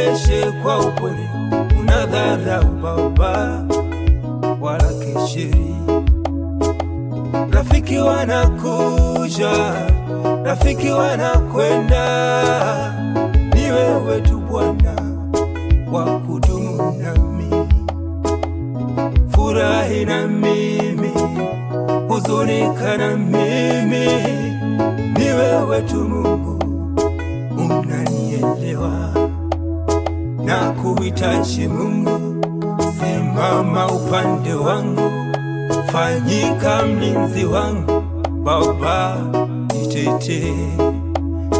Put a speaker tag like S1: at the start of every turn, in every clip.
S1: Usionyeshe kwa upole, unadharau baba wala kejeli. Rafiki wanakuja, rafiki wanakwenda, ni wewe tu Bwana wa kudumu nami. Furahi na mimi, huzunika na mimi, ni wewe tu Mungu na kuhitaji Mungu, simama upande wangu, fanyika mlinzi wangu, Baba nitete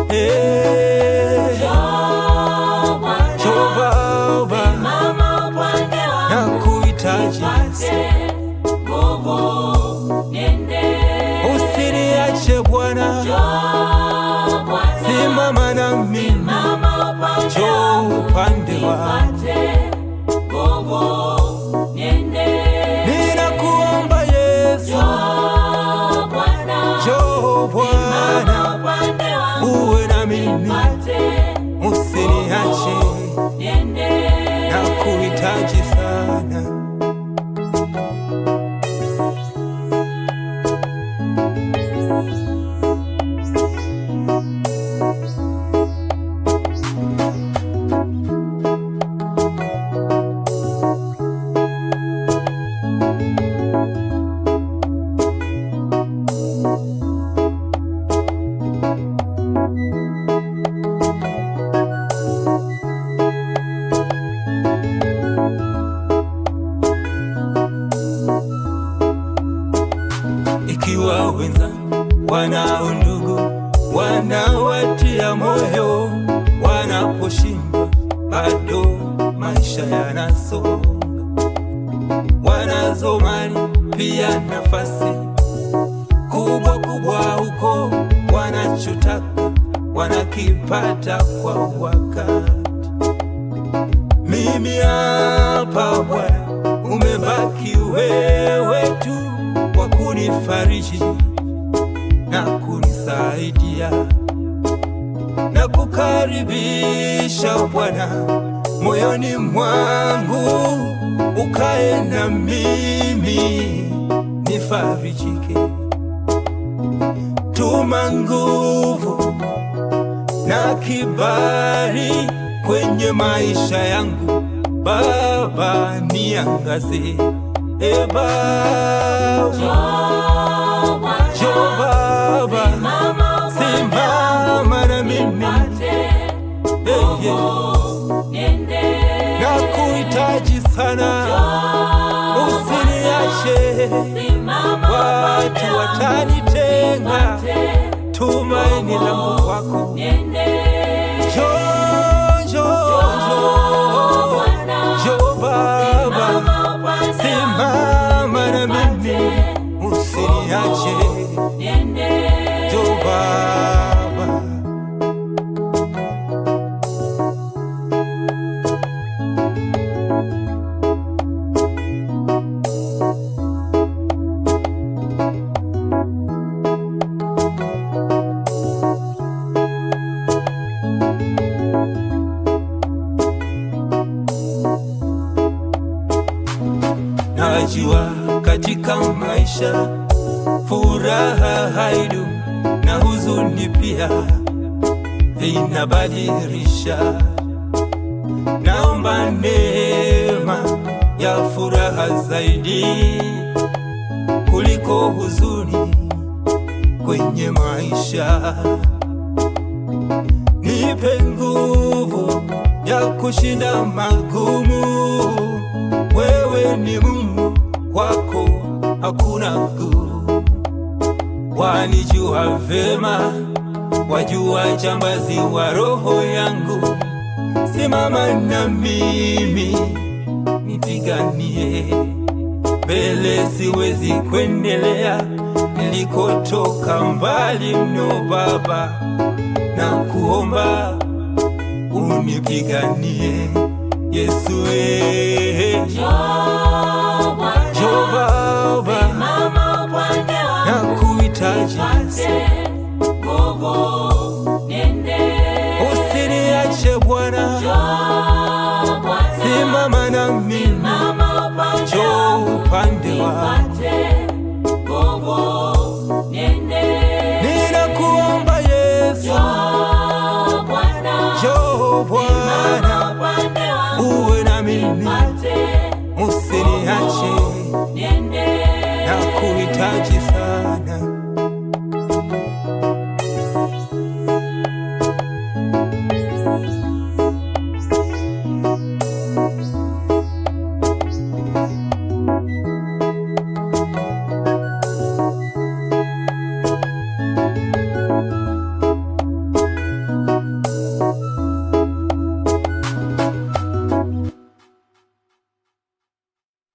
S1: Hey, eh. Jehova, na kuhitaji kuhitaji sana ukiwa wenza wana ndugu wanawatia moyo wanaposhinda bado maisha yanasonga, wanazo mali pia nafasi kubwa kubwa huko, wanachotaka wanakipata kwa wakati mimi kunifariji na kunisaidia na kukaribisha Bwana moyoni mwangu, ukae na mimi nifarijike. Tuma nguvu na kibali kwenye maisha yangu Baba, niangazie Eba, njoo Baba,
S2: simama
S1: na mimi, nakuhitaji
S2: usiniache. Watu
S1: watanitenga, tumaini la Mungu wako my kuachiwa katika maisha. Furaha haidu na huzuni pia vinabadilisha. Naomba neema ya furaha zaidi kuliko huzuni kwenye maisha. Nipe nguvu ya kushinda magumu, wewe ni Mungu kwako hakuna wani Wanijua vema, wajua jambazi wa roho yangu. Simama na mimi nipiganie mbele, siwezi kuendelea nilikotoka, mbali mno. Baba, na kuomba unipiganie Yesu, eh, eh. Usiniache Bwana, simama na mimi